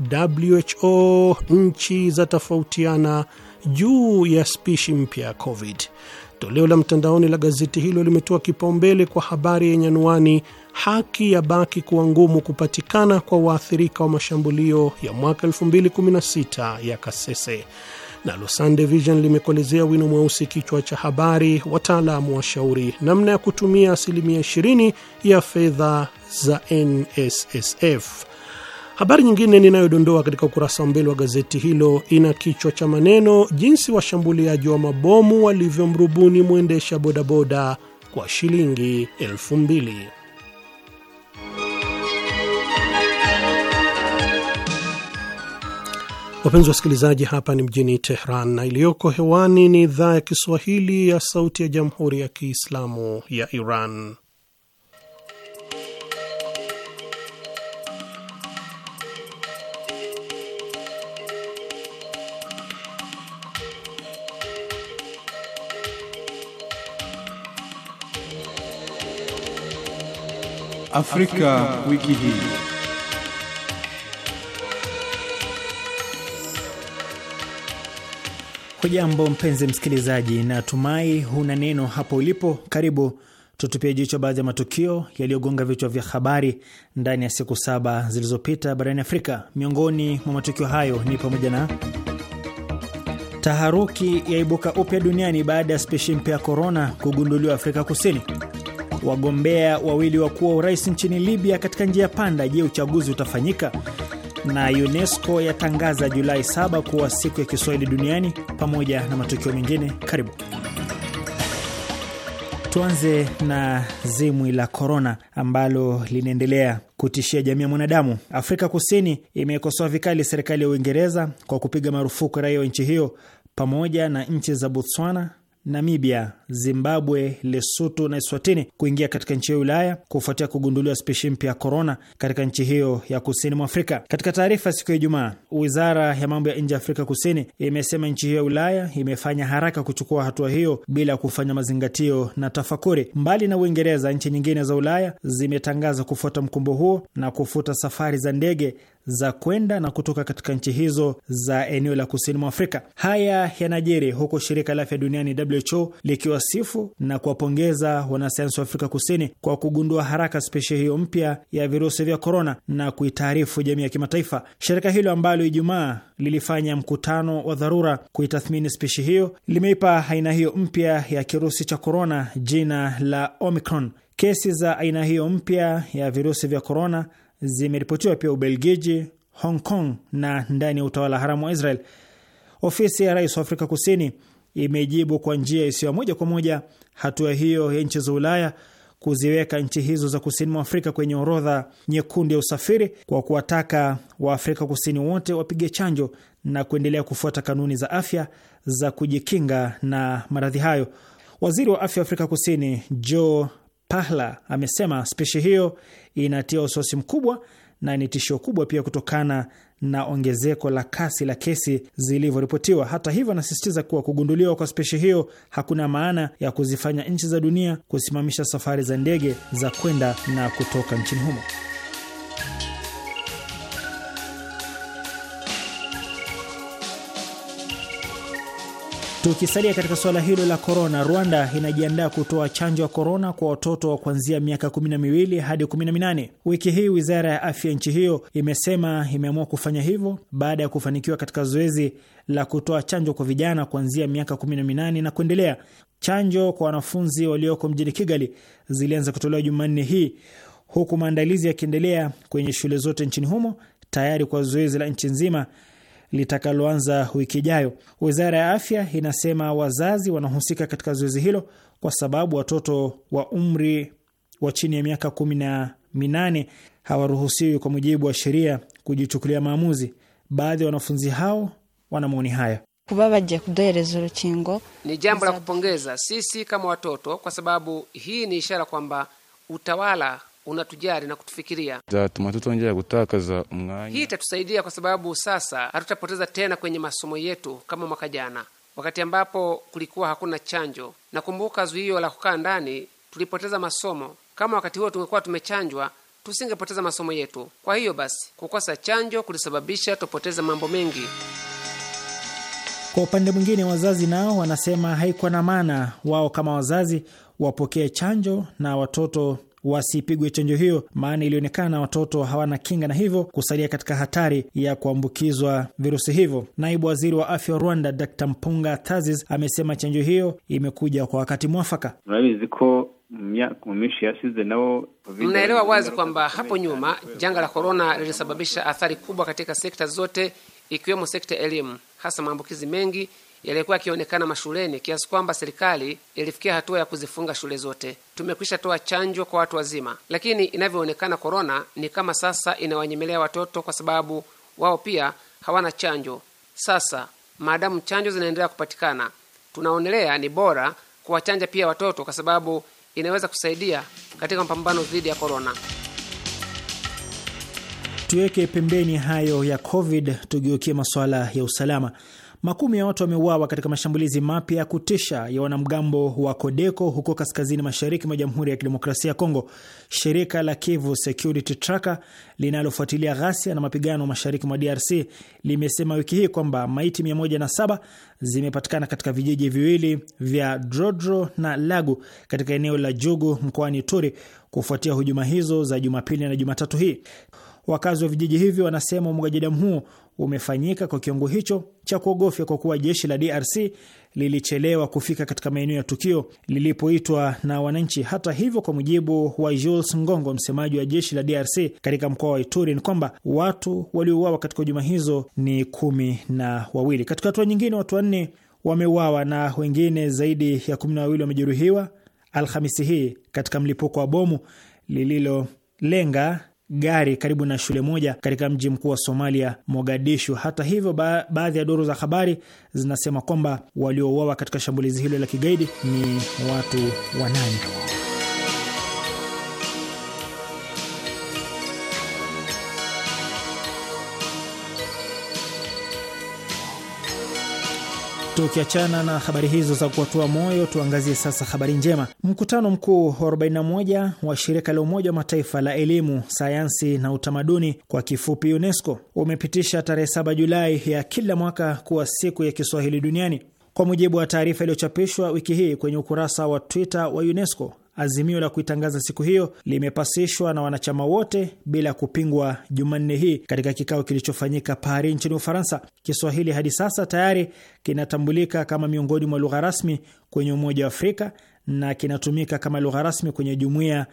[SPEAKER 3] WHO nchi za tofautiana juu ya spishi mpya ya COVID. Toleo la mtandaoni la gazeti hilo limetoa kipaumbele kwa habari yenye anwani haki ya baki kuwa ngumu kupatikana kwa waathirika wa mashambulio ya mwaka 2016 ya Kasese. Nalo Sunday Vision limekolezea wino mweusi kichwa cha habari, wataalamu washauri namna ya kutumia asilimia 20 ya fedha za NSSF. Habari nyingine ninayodondoa katika ukurasa wa mbele wa gazeti hilo ina kichwa cha maneno, jinsi washambuliaji wa mabomu walivyomrubuni mwendesha bodaboda kwa shilingi elfu mbili. Wapenzi wasikilizaji, hapa ni mjini Tehran na iliyoko hewani ni idhaa ya Kiswahili ya Sauti ya Jamhuri ya Kiislamu ya Iran.
[SPEAKER 1] Afrika, Afrika wiki hii. Hujambo mpenzi msikilizaji, na tumai huna neno hapo ulipo. Karibu tutupie jicho baadhi ya matukio yaliyogonga vichwa vya habari ndani ya siku saba zilizopita barani Afrika. Miongoni mwa matukio hayo ni pamoja na taharuki yaibuka upya duniani baada ya spishi mpya ya korona kugunduliwa Afrika Kusini, wagombea wawili wakuu wa urais nchini Libya katika njia panda. Je, uchaguzi utafanyika? na UNESCO yatangaza Julai 7 kuwa siku ya Kiswahili duniani pamoja na matukio mengine. Karibu. Tuanze na zimwi la korona ambalo linaendelea kutishia jamii ya mwanadamu. Afrika Kusini imekosoa vikali serikali ya Uingereza kwa kupiga marufuku raia wa nchi hiyo pamoja na nchi za Botswana, Namibia, Zimbabwe, Lesotho na Eswatini kuingia katika nchi ya Ulaya kufuatia kugunduliwa spishi mpya ya korona katika nchi hiyo ya kusini mwa Afrika. Katika taarifa siku ya Ijumaa, wizara ya mambo ya nje ya Afrika Kusini imesema nchi hiyo ya Ulaya imefanya haraka kuchukua hatua hiyo bila ya kufanya mazingatio na tafakuri. Mbali na Uingereza, nchi nyingine za Ulaya zimetangaza kufuata mkumbo huo na kufuta safari za ndege za kwenda na kutoka katika nchi hizo za eneo la kusini mwa Afrika. Haya yanajiri huku shirika la afya duniani WHO likiwa kuwasifu na kuwapongeza wanasayansi wa Afrika Kusini kwa kugundua haraka spishi hiyo mpya ya virusi vya korona na kuitaarifu jamii ya kimataifa. Shirika hilo ambalo Ijumaa lilifanya mkutano wa dharura kuitathmini spishi hiyo limeipa aina hiyo mpya ya kirusi cha korona jina la Omicron. Kesi za aina hiyo mpya ya virusi vya korona zimeripotiwa pia Ubelgiji, Hong Kong na ndani ya utawala haramu wa Israel. Ofisi ya rais wa Afrika Kusini imejibu kwa njia isiyo moja kwa moja hatua hiyo ya nchi za Ulaya kuziweka nchi hizo za kusini mwa Afrika kwenye orodha nyekundu ya usafiri kwa kuwataka Waafrika Kusini wote wapige chanjo na kuendelea kufuata kanuni za afya za kujikinga na maradhi hayo. Waziri wa afya wa Afrika Kusini Joe Pahla amesema spishi hiyo inatia wasiwasi mkubwa na ni tishio kubwa pia kutokana na ongezeko la kasi la kesi zilivyoripotiwa. Hata hivyo, anasisitiza kuwa kugunduliwa kwa spishi hiyo hakuna maana ya kuzifanya nchi za dunia kusimamisha safari za ndege za kwenda na kutoka nchini humo. Tukisalia katika suala hilo la korona, Rwanda inajiandaa kutoa chanjo ya korona kwa watoto wa kuanzia miaka kumi na miwili hadi kumi na minane. Wiki hii wizara ya afya nchi hiyo imesema imeamua kufanya hivyo baada ya kufanikiwa katika zoezi la kutoa chanjo kwa vijana kuanzia miaka kumi na minane na kuendelea. Chanjo kwa wanafunzi walioko mjini Kigali zilianza kutolewa Jumanne hii huku maandalizi yakiendelea kwenye shule zote nchini humo tayari kwa zoezi la nchi nzima litakaloanza wiki ijayo. Wizara ya afya inasema wazazi wanahusika katika zoezi hilo kwa sababu watoto wa umri wa chini ya miaka kumi na minane hawaruhusiwi kwa mujibu wa sheria kujichukulia maamuzi. Baadhi ya wanafunzi hao wana maoni haya.
[SPEAKER 6] kuba kuduhereza urukingo
[SPEAKER 7] ni jambo la kupongeza sisi kama watoto, kwa sababu hii ni ishara kwamba utawala unatujali na kutufikiria. Hii itatusaidia kwa sababu sasa hatutapoteza tena kwenye masomo yetu kama mwaka jana, wakati ambapo kulikuwa hakuna chanjo. Nakumbuka zuio la kukaa ndani, tulipoteza masomo. Kama wakati huo tungekuwa tumechanjwa tusingepoteza masomo yetu. Kwa hiyo basi, kukosa chanjo kulisababisha tupoteze mambo mengi.
[SPEAKER 1] Kwa upande mwingine, wazazi nao wanasema haikuwa na maana wao kama wazazi wapokee chanjo na watoto wasipigwe chanjo hiyo, maana ilionekana watoto hawana kinga na hivyo kusalia katika hatari ya kuambukizwa virusi hivyo. Naibu waziri wa afya wa Rwanda Dr Mpunga Tazis amesema chanjo hiyo imekuja kwa wakati mwafaka.
[SPEAKER 7] Mnaelewa wazi kwamba hapo nyuma janga la korona lilisababisha athari kubwa katika sekta zote, ikiwemo sekta ya elimu, hasa maambukizi mengi yalikuwa yakionekana mashuleni kiasi kwamba serikali ilifikia hatua ya kuzifunga shule zote. Tumekwisha toa chanjo kwa watu wazima, lakini inavyoonekana korona ni kama sasa inawanyemelea watoto, kwa sababu wao pia hawana chanjo. Sasa maadamu chanjo zinaendelea kupatikana, tunaonelea ni bora kuwachanja pia watoto, kwa sababu inaweza kusaidia katika mapambano dhidi ya korona.
[SPEAKER 1] Tuweke pembeni hayo ya COVID, tugeukie masuala ya usalama. Makumi ya watu wameuawa katika mashambulizi mapya ya kutisha ya wanamgambo wa Kodeko huko kaskazini mashariki mwa Jamhuri ya Kidemokrasia ya Kongo. Shirika la Kivu Security Tracker linalofuatilia ghasia na mapigano mashariki mwa DRC limesema wiki hii kwamba maiti 107 zimepatikana katika vijiji viwili vya Drodro na Lagu katika eneo la Jugu mkoani Turi kufuatia hujuma hizo za Jumapili na Jumatatu hii. Wakazi wa vijiji hivyo wanasema umwagaji damu huo umefanyika kwa kiwango hicho cha kuogofya kwa kuwa jeshi la DRC lilichelewa kufika katika maeneo ya tukio lilipoitwa na wananchi. Hata hivyo, kwa mujibu wa Jules Ngongo, msemaji wa jeshi la DRC katika mkoa wa Ituri, ni kwamba watu waliouawa katika hujuma hizo ni kumi na wawili. Katika hatua nyingine, watu wanne wameuawa na wengine zaidi ya kumi na wawili wamejeruhiwa Alhamisi hii katika mlipuko wa bomu lililolenga gari karibu na shule moja katika mji mkuu wa Somalia, Mogadishu. Hata hivyo, ba baadhi ya duru za habari zinasema kwamba waliouawa katika shambulizi hilo la kigaidi ni watu wanane. Tukiachana na habari hizo za kuwatua moyo, tuangazie sasa habari njema. Mkutano mkuu wa 41 wa shirika la Umoja wa Mataifa la elimu, sayansi na utamaduni kwa kifupi UNESCO umepitisha tarehe 7 Julai ya kila mwaka kuwa siku ya Kiswahili duniani. Kwa mujibu wa taarifa iliyochapishwa wiki hii kwenye ukurasa wa Twitter wa UNESCO, Azimio la kuitangaza siku hiyo limepasishwa na wanachama wote bila ya kupingwa Jumanne hii katika kikao kilichofanyika Paris nchini Ufaransa. Kiswahili hadi sasa tayari kinatambulika kama miongoni mwa lugha rasmi kwenye Umoja wa Afrika na kinatumika kama lugha rasmi kwenye Jumuiya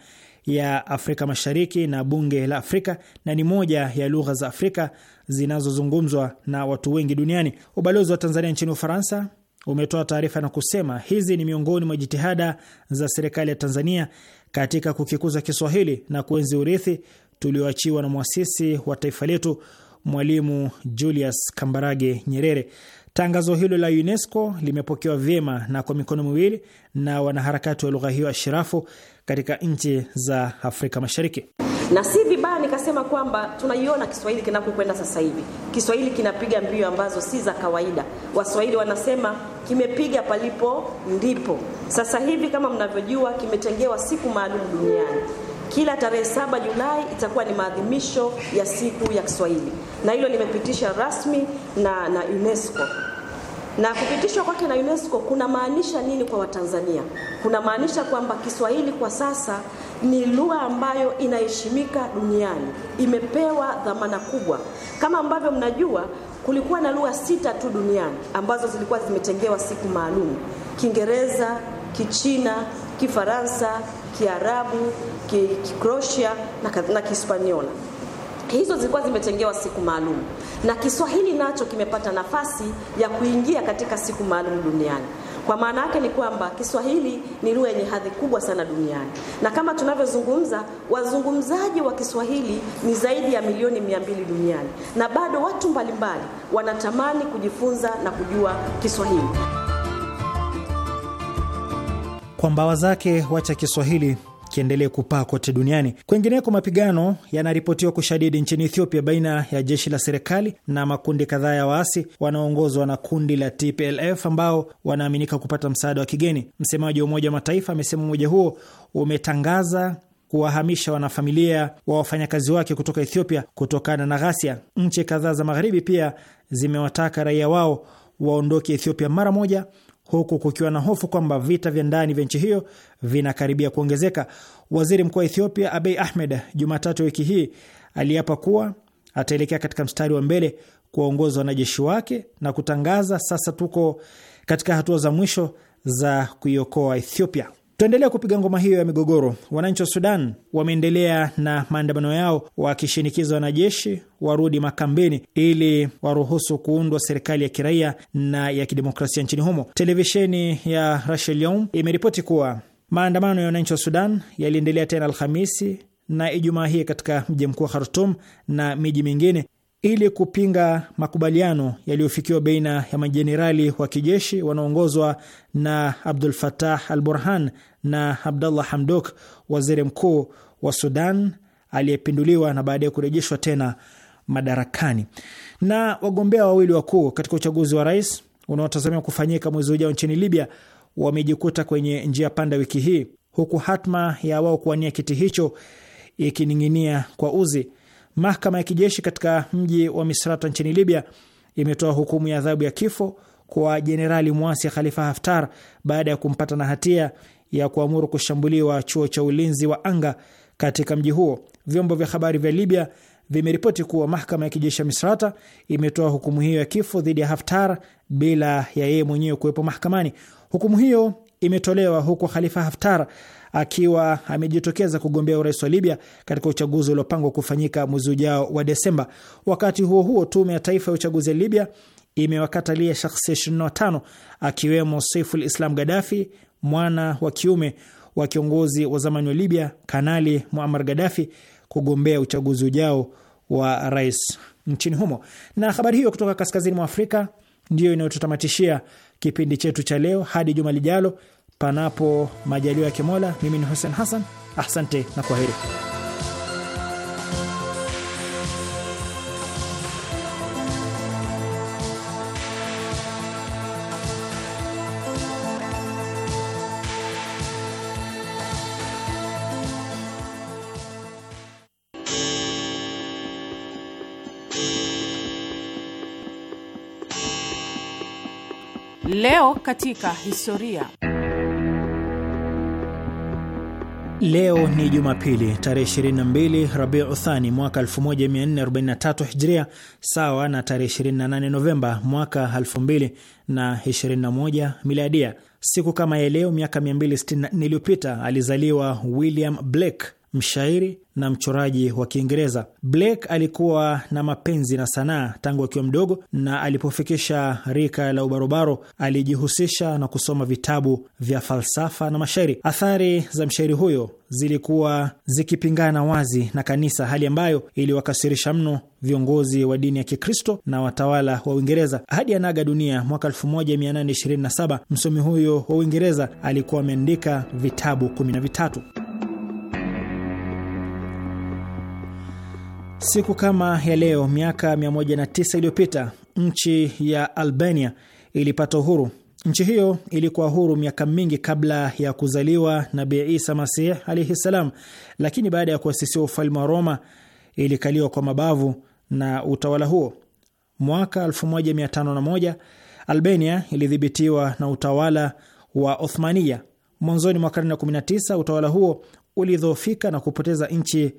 [SPEAKER 1] ya Afrika Mashariki na Bunge la Afrika na ni moja ya lugha za Afrika zinazozungumzwa na watu wengi duniani. Ubalozi wa Tanzania nchini Ufaransa umetoa taarifa na kusema hizi ni miongoni mwa jitihada za serikali ya Tanzania katika kukikuza Kiswahili na kuenzi urithi tulioachiwa na mwasisi wa taifa letu Mwalimu Julius Kambarage Nyerere. Tangazo hilo la UNESCO limepokewa vyema na kwa mikono miwili na wanaharakati wa lugha hiyo ashirafu katika nchi za Afrika Mashariki.
[SPEAKER 6] Na si vibaya nikasema kwamba tunaiona Kiswahili kinakokwenda sasa hivi. Kiswahili kinapiga mbio ambazo si za kawaida. Waswahili wanasema kimepiga palipo ndipo. Sasa hivi kama mnavyojua, kimetengewa siku maalum duniani. Kila tarehe saba Julai itakuwa ni maadhimisho ya siku ya Kiswahili, na hilo limepitisha rasmi na, na UNESCO na kupitishwa kwake na UNESCO kunamaanisha nini kwa Watanzania? Kunamaanisha kwamba Kiswahili kwa sasa ni lugha ambayo inaheshimika duniani, imepewa dhamana kubwa. Kama ambavyo mnajua, kulikuwa na lugha sita tu duniani ambazo zilikuwa zimetengewa siku maalum: Kiingereza, Kichina, Kifaransa, Kiarabu, kikrosia na, na hizo zilikuwa zimetengewa siku maalum, na Kiswahili nacho kimepata nafasi ya kuingia katika siku maalum duniani. Kwa maana yake ni kwamba Kiswahili ni lugha yenye hadhi kubwa sana duniani, na kama tunavyozungumza, wazungumzaji wa Kiswahili ni zaidi ya milioni mia mbili duniani, na bado watu mbalimbali wanatamani kujifunza na kujua Kiswahili.
[SPEAKER 1] Kwa mbawa zake wacha Kiswahili kiendelee kupaa kote duniani. Kwengineko, mapigano yanaripotiwa kushadidi nchini Ethiopia baina ya jeshi la serikali na makundi kadhaa ya waasi wanaoongozwa na kundi la TPLF ambao wanaaminika kupata msaada wa kigeni. Msemaji wa Umoja wa Mataifa amesema umoja huo umetangaza kuwahamisha wanafamilia wa wafanyakazi wake kutoka Ethiopia kutokana na ghasia. Nchi kadhaa za magharibi pia zimewataka raia wao waondoke Ethiopia mara moja huku kukiwa na hofu kwamba vita vya ndani vya nchi hiyo vinakaribia kuongezeka. Waziri mkuu wa Ethiopia Abiy Ahmed Jumatatu wiki hii aliapa kuwa ataelekea katika mstari wa mbele kuwaongoza wanajeshi wake na kutangaza, sasa tuko katika hatua za mwisho za kuiokoa Ethiopia. Tuendelea kupiga ngoma hiyo ya migogoro. Wananchi wa Sudan wameendelea na maandamano yao wakishinikiza wanajeshi warudi makambini ili waruhusu kuundwa serikali ya kiraia na ya kidemokrasia nchini humo. Televisheni ya Rasheliom imeripoti kuwa maandamano ya wananchi wa Sudan yaliendelea tena Alhamisi na Ijumaa hii katika mji mkuu wa Khartum na miji mingine ili kupinga makubaliano yaliyofikiwa baina ya majenerali wa kijeshi wanaoongozwa na Abdul fatah al Burhan na Abdallah Hamdok, waziri mkuu wa Sudan aliyepinduliwa na baadaye kurejeshwa tena madarakani, na wagombea wawili wakuu katika uchaguzi wa rais unaotazamiwa kufanyika mwezi ujao nchini Libya wamejikuta kwenye njia panda wiki hii, huku hatma ya wao kuwania kiti hicho ikining'inia kwa uzi. Mahakama ya kijeshi katika mji wa Misrata nchini Libya imetoa hukumu ya adhabu ya kifo kwa jenerali mwasi Khalifa Haftar baada ya kumpata na hatia ya kuamuru kushambuliwa chuo cha ulinzi wa anga katika mji huo. Vyombo vya habari vya Libya vimeripoti kuwa mahakama ya kijeshi ya Misrata imetoa hukumu hiyo ya kifo dhidi ya Haftar bila ya yeye mwenyewe kuwepo mahakamani. Hukumu hiyo imetolewa huku Khalifa Haftar akiwa amejitokeza kugombea urais wa Libya katika uchaguzi uliopangwa kufanyika mwezi ujao wa Desemba. Wakati huo huo, tume ya taifa ya uchaguzi ya Libya imewakatalia shakhsi 25 akiwemo Saiful Islam Gaddafi, mwana wa kiume wa kiongozi wa zamani wa Libya Kanali Muammar Gaddafi kugombea uchaguzi ujao wa rais nchini humo. Na habari hiyo kutoka kaskazini mwa Afrika ndiyo inayotutamatishia kipindi chetu cha leo. Hadi juma lijalo, panapo majaliwa ya Kimola. Mimi ni Hussein Hassan, asante na kwa heri
[SPEAKER 2] Leo katika historia.
[SPEAKER 1] Leo ni Jumapili tarehe 22 Rabiu Thani mwaka 1443 Hijria, sawa na tarehe 28 Novemba mwaka 2021 Miladia. Siku kama ya leo miaka 264 iliyopita alizaliwa William Blake, mshairi na mchoraji wa Kiingereza. Blake alikuwa na mapenzi na sanaa tangu akiwa mdogo, na alipofikisha rika la ubarobaro alijihusisha na kusoma vitabu vya falsafa na mashairi. Athari za mshairi huyo zilikuwa zikipingana wazi na kanisa, hali ambayo iliwakasirisha mno viongozi wa dini ya Kikristo na watawala wa Uingereza. Hadi anaga dunia mwaka 1827, msomi huyo wa Uingereza alikuwa ameandika vitabu 13. Siku kama ya leo miaka 109 iliyopita nchi ya Albania ilipata uhuru. Nchi hiyo ilikuwa huru miaka mingi kabla ya kuzaliwa nabi Isa Masih alaihi ssalam, lakini baada ya kuasisiwa ufalme wa Roma ilikaliwa kwa mabavu na utawala huo. Mwaka 1501 Albania ilidhibitiwa na utawala wa Othmania. Mwanzoni mwa karne ya 19 utawala huo ulidhoofika na kupoteza nchi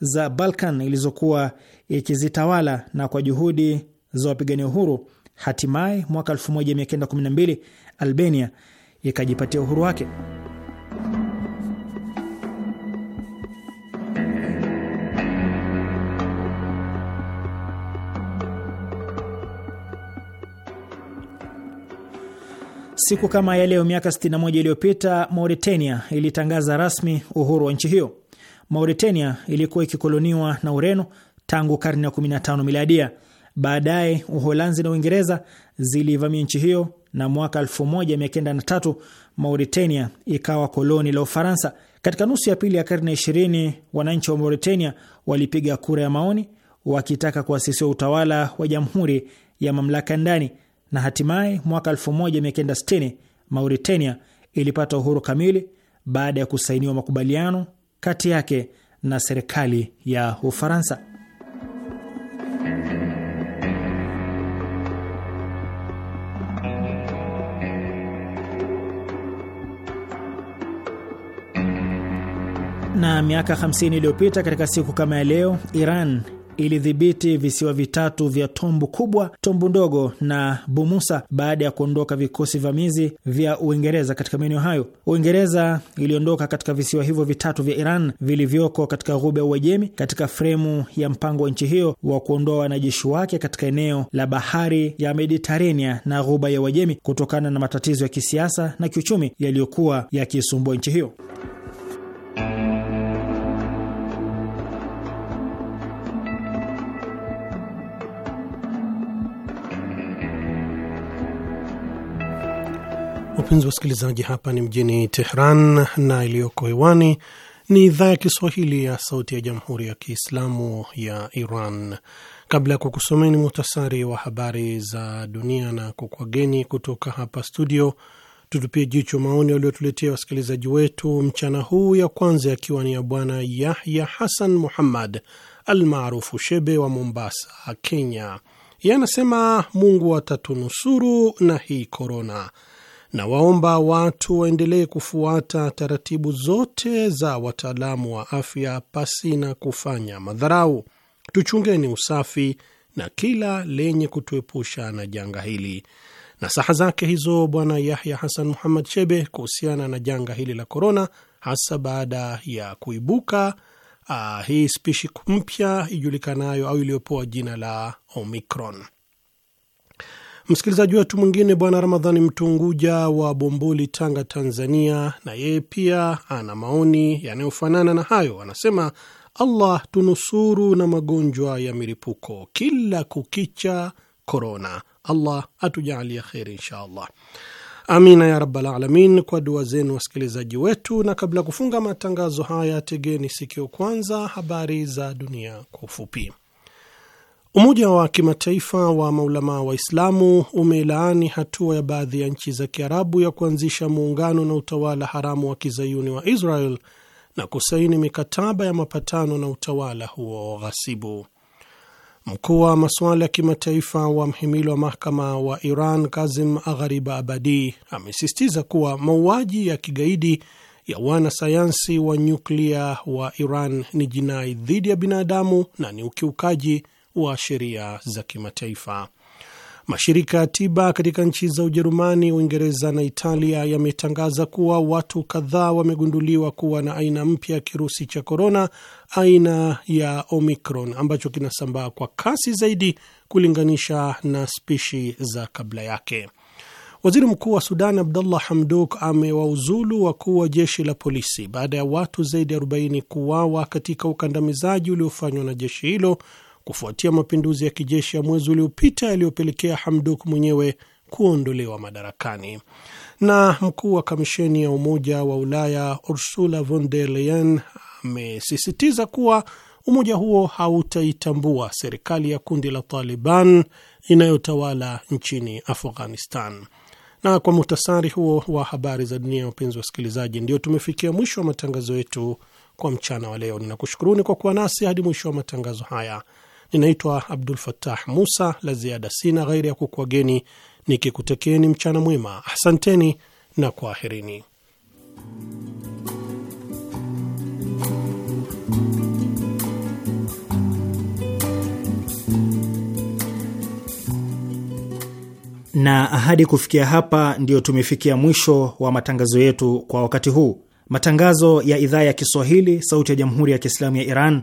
[SPEAKER 1] za Balkan ilizokuwa ikizitawala na kwa juhudi za wapigania uhuru, hatimaye mwaka 1912 Albania ikajipatia uhuru wake. Siku kama ya leo miaka 61 iliyopita Mauritania ilitangaza rasmi uhuru wa nchi hiyo. Mauritania ilikuwa ikikoloniwa na Ureno tangu karne ya 15 miladia. Baadaye Uholanzi na Uingereza zilivamia nchi hiyo na mwaka 1903 Mauritania ikawa koloni la Ufaransa. Katika nusu ya pili ya karne ya 20 wananchi wa Mauritania walipiga kura ya maoni wakitaka kuasisiwa utawala wa jamhuri ya mamlaka ndani, na hatimaye mwaka 1960 Mauritania ilipata uhuru kamili baada ya kusainiwa makubaliano kati yake na serikali ya Ufaransa. Na miaka 50 iliyopita katika siku kama ya leo, Iran ilidhibiti visiwa vitatu vya Tombu Kubwa, Tombu Ndogo na Bumusa baada ya kuondoka vikosi vamizi vya Uingereza katika maeneo hayo. Uingereza iliondoka katika visiwa hivyo vitatu vya Iran vilivyoko katika ghuba ya Uajemi katika fremu ya mpango wa nchi hiyo wa kuondoa wanajeshi wake katika eneo la bahari ya Mediterania na ghuba ya Uajemi kutokana na matatizo ya kisiasa na kiuchumi yaliyokuwa yakisumbua nchi hiyo.
[SPEAKER 3] wapenzi wasikilizaji, hapa ni mjini Tehran na iliyoko hewani ni idhaa ya Kiswahili ya Sauti ya Jamhuri ya Kiislamu ya Iran. Kabla ya kukusomeni muhtasari wa habari za dunia na kukwageni kutoka hapa studio, tutupie jicho maoni waliotuletea wasikilizaji wetu mchana huu. Ya kwanza yakiwa ni ya Bwana Yahya Hasan Muhammad almaarufu Shebe wa Mombasa, Kenya. Ye anasema Mungu atatunusuru na hii korona na waomba watu waendelee kufuata taratibu zote za wataalamu wa afya pasi na kufanya madharau. Tuchungeni usafi na kila lenye kutuepusha na janga hili. Nasaha zake hizo Bwana Yahya Hasan Muhammad Shebe kuhusiana na janga hili la korona, hasa baada ya kuibuka uh, hii spishi mpya ijulikanayo au iliyopewa jina la Omicron. Msikilizaji wetu mwingine Bwana Ramadhani Mtunguja wa Bomboli, Tanga, Tanzania, na yeye pia ana maoni yanayofanana na hayo. Anasema Allah tunusuru na magonjwa ya milipuko kila kukicha, korona. Allah atujaalia kheri, insha allah. Amina ya rabbal alamin, kwa dua zenu wasikilizaji wetu. Na kabla ya kufunga matangazo haya, tegeni sikio kwanza habari za dunia kwa ufupi. Umoja wa Kimataifa wa Maulamaa Waislamu umelaani hatua ya baadhi ya nchi za Kiarabu ya kuanzisha muungano na utawala haramu wa kizayuni wa Israel na kusaini mikataba ya mapatano na utawala huo ghasibu. Mkuu wa masuala ya kimataifa wa mhimili wa mahakama wa Iran Kazim Aghariba Abadi amesisitiza kuwa mauaji ya kigaidi ya wanasayansi wa nyuklia wa Iran ni jinai dhidi ya binadamu na ni ukiukaji wa sheria za kimataifa. Mashirika ya tiba katika nchi za Ujerumani, Uingereza na Italia yametangaza kuwa watu kadhaa wamegunduliwa kuwa na aina mpya ya kirusi cha korona aina ya Omicron ambacho kinasambaa kwa kasi zaidi kulinganisha na spishi za kabla yake. Waziri Mkuu wa Sudan Abdullah Hamdok amewauzulu wakuu wa jeshi la polisi baada ya watu zaidi ya 40 kuuawa katika ukandamizaji uliofanywa na jeshi hilo kufuatia mapinduzi ya kijeshi ya mwezi uliopita yaliyopelekea hamduk mwenyewe kuondolewa madarakani. Na mkuu wa kamisheni ya Umoja wa Ulaya Ursula von der Leyen amesisitiza kuwa umoja huo hautaitambua serikali ya kundi la Taliban inayotawala nchini Afghanistan. Na kwa muhtasari huo wa habari za dunia, ya wapenzi wasikilizaji, ndio tumefikia mwisho wa matangazo yetu kwa mchana wa leo. Ninakushukuruni kwa kuwa nasi hadi mwisho wa matangazo haya. Ninaitwa Abdul fatah Musa. La ziada sina ghairi ya kukwageni nikikutekeni mchana mwema. Asanteni na kwaherini.
[SPEAKER 1] Na ahadi kufikia hapa, ndiyo tumefikia mwisho wa matangazo yetu kwa wakati huu. Matangazo ya idhaa ya Kiswahili, Sauti ya Jamhuri ya Kiislamu ya Iran